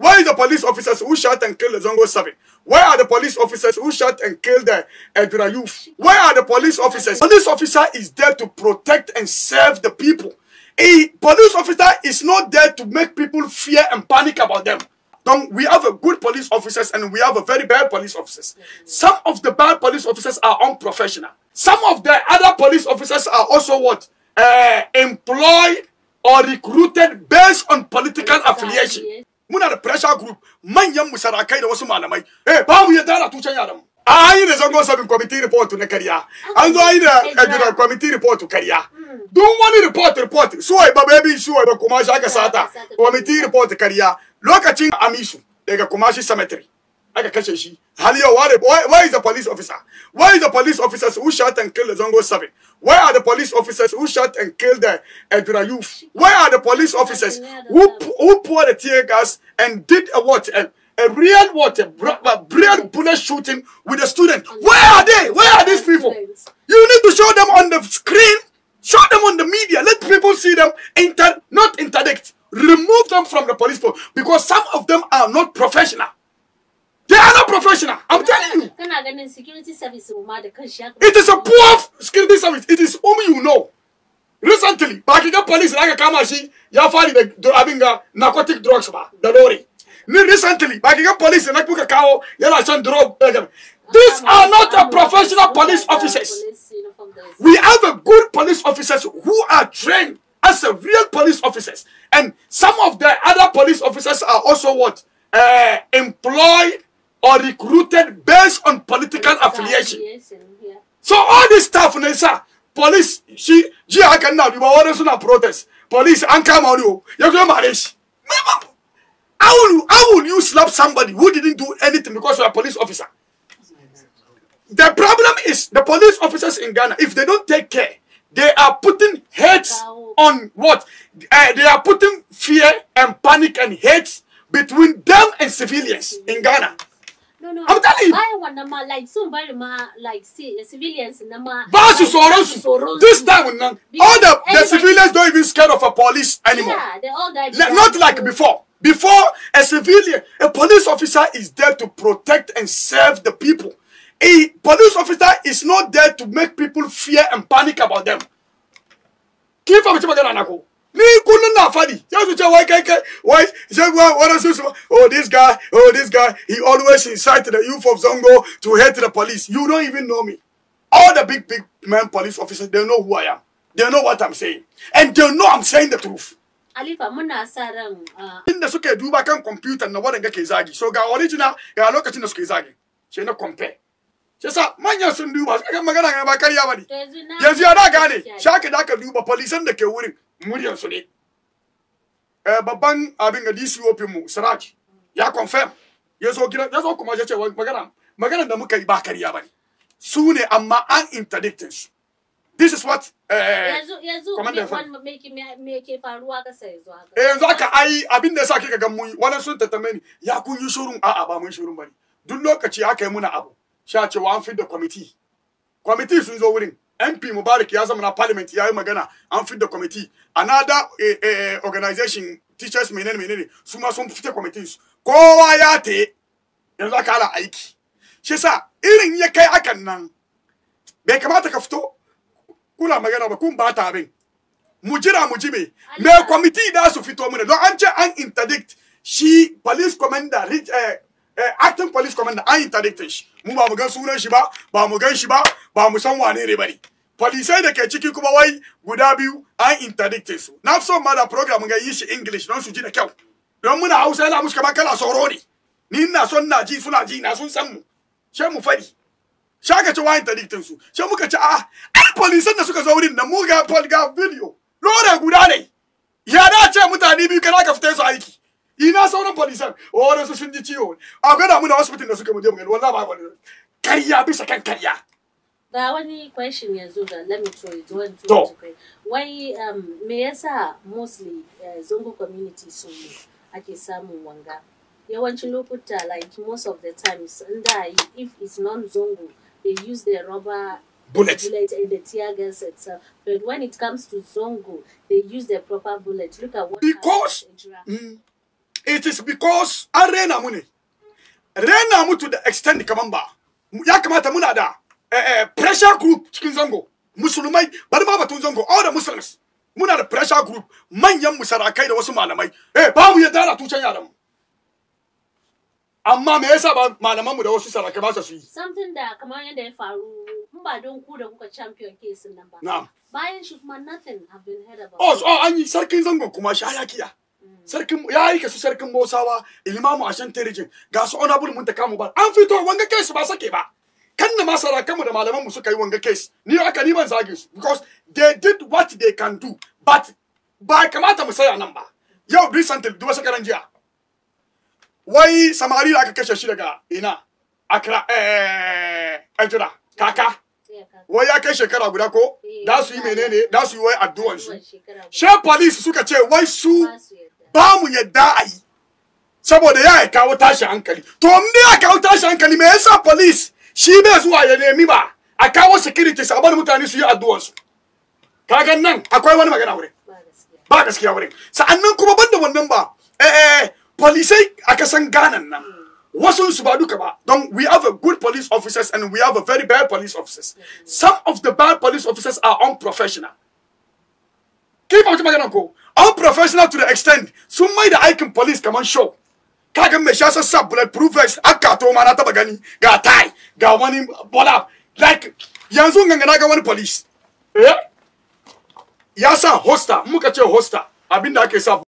Why are the police officers who shot and killed the uh, Zongo 7? Why are the police officers who shot and killed the Edra youth? Why are the police officers? Police officer is there to protect and serve the people. A police officer is not there to make people fear and panic about them. Don't, we have a good police officers and we have a very bad police officers. Some of the bad police officers are unprofessional. Some of the other police officers are also what? Uh, employed or recruited based on political affiliation. muna da pressure group manyan musarakai sarakai da wasu malamai eh ba mu yadda ana tucen yaran mu a yi da zango sabin committee report na kariya an zo yi da kagira eh, committee report kariya duk wani report report suwai ba baby suwai ba kuma shi aka sata committee report kariya lokacin amisu daga shi cemetery aka kashe shi Halio, where, where is the police officer? Where is the police officers who shot and killed the Zongo 7? Where are the police officers who shot and killed the Edura youth? Where are the police officers who, who poured the tear gas and did a what? A, a real what? A, a real bullet shooting with a student. Where are they? Where are these people? You need to show them on the screen. Show them on the media. Let people see them. Inter not interdict. Remove them from the police force because some of them are not professional karamin security service It is a poor security service. It is only you know. Recently, Bakiga police like a kama Yafari the fari da narcotic drugs bar. The lori. recently, Bakiga ki ga police da kuka kawo yana shan drug. Eh, These ah, are not a ah, professional ah, police officers. We have a good police officers who are trained as a real police officers. And some of the other police officers are also what? Uh, employed or recruited based on political affiliation. Yeah. So all this stuff, Nessa, police, she, she, I can now, you are always on a protest. Police, and come on you, you're going to marriage. How will, you, how will you slap somebody who didn't do anything because you're a police officer? The problem is the police officers in Ghana, if they don't take care, they are putting hate on what? Uh, they are putting fear and panic and hate between them and civilians in Ghana. No, no. I'm telling you. I want them like somebody ma like civilians Them Boss like, This time now, all the, the civilians don't even scared of a police anymore. Yeah, they all died. not like before. Before a civilian, a police officer is there to protect and serve the people. A police officer is not there to make people fear and panic about them. Keep up with ni kullum na fadi sai su ce wai kai kai wai sai wani su su oh this guy oh this guy he always incite the youth of zongo to hate the police you don't even know me all the big big men police officers they know who i am they know what i'm saying and they know i'm saying the truth Alifa muna sa ran uh, inda suke duba kan computer na waɗanda ke zagi so ga original ga lokacin da suke zagi sai na compare Shasa manya sun duba suka magana ba karya ba ne. Yanzu ya da gane, shaka da ka duba polisan da ke wurin muryan su ne eh, babban abin ga DCOP mu Siraj ya confirm ya zo gidan ya zo kuma ya ce magana magana da muka yi ba kariya bane su ne amma an interdicted su this is what eh, yanzu me ke yanzu haka eh, yanzu haka ai abin da yasa kika ga mun wani sun tattame ni ya kun yi shurun a'a ba mun shurun bane duk lokaci aka yi muna abu sha wa an fit da committee committee sun zo wurin MP Mubarak ya zama na parliament ya yi magana an fit da committee another eh, eh, eh, organization teachers menene menene su ma sun fita committees kowa ya te yanzu aka ala aiki shi yasa irin ya kai akan nan bai kamata ka fito kula magana ba kun bata abin mu jira mu ji me me committee da su fito mana don an ce an interdict shi police commander eh, Eh, acting police commander an interdictin shi mu ba mu gan sunan shi ba ba mu gan shi ba ba mu san wane ne bane polisai da ke ciki kuma wai guda biyu an interdictin su na so ma da program ga yi shi english don su ji da kyau don muna hausa yana musu kamar kala sauro ne ni ina son na ji suna ji na sun san mu she mu fadi she aka ce wa su she muka ci a ah, ai polisan da suka zo wurin na mu ga ga video lore guda ne ya da ce mutane biyu kana ka fita su aiki ina sauran polisan oh, wani su sun ji ciwo a gada muna hospital da suka mu je mu gani wallahi ba wani karya bisa kan karya ga wani question yanzu da let me throw it one two wai um, me yasa mostly eh, zongo community so ake samun wanga yawancin lokuta like most of the times inda if it's non zongo they use the rubber bullet. bullet and the tear gas itself. But when it comes to Zongo, they use the proper bullet. Look at what because it is because an rena mu ne rena to the extent kaman ba ya kamata muna da eh, eh, pressure group cikin zango musulmai bari ma batun zango all the muslims muna da pressure group manyan musarakai da wasu malamai eh ba mu yadda da tucen yaran mu amma me yasa ba malaman mu da wasu sarakai ba su yi something da kamar yadda ya faru in ba don ku da kuka champion case nan ba na'am bayan shi kuma nothing have been heard about oh, oh an yi sarkin zango kuma shi ayakiya sarkin ya yi su sarkin ilmamu Ilimamu shan Terijin ga su honorable mun ta kamu ba an fito wanga case ba sake ba kan na masara kanmu da malaman mu suka yi wanga case ni aka ni ban zage su because they did what they can do but ba kamata mu saya nan ba yau recently duba sakaran jiya wai samari da aka kashe shi daga ina akra eh, eh, eh, eh ajira kaka wai ya kai shekara guda ko da su yi menene da su yi wai addu'an su she police suka ce wai su ba mu yadda a yi saboda ya kawo tashi hankali to me ya kawo tashi hankali me yasa police shi bai zuwa ya nemi ba a kawo security a bar mutane su yi addu'ar su kaga nan akwai wani magana wurin ba gaskiya wurin sa'annan kuma banda wannan ba eh eh polisai a san ganan nan hmm. wasu su ba duka ba don we have a good police officers and we have a very bad police officers hmm. some of the bad police officers are unprofessional kin fahimci maganar ko unprofessional to the extent sun mai da aikin police kaman show kaga mai sha sassa bulletproof vest aka to ma na taba gani ga tie ga wani bola like yanzu gangana ga wani police eh? ya sa hosta muka ce hosta abinda ake sa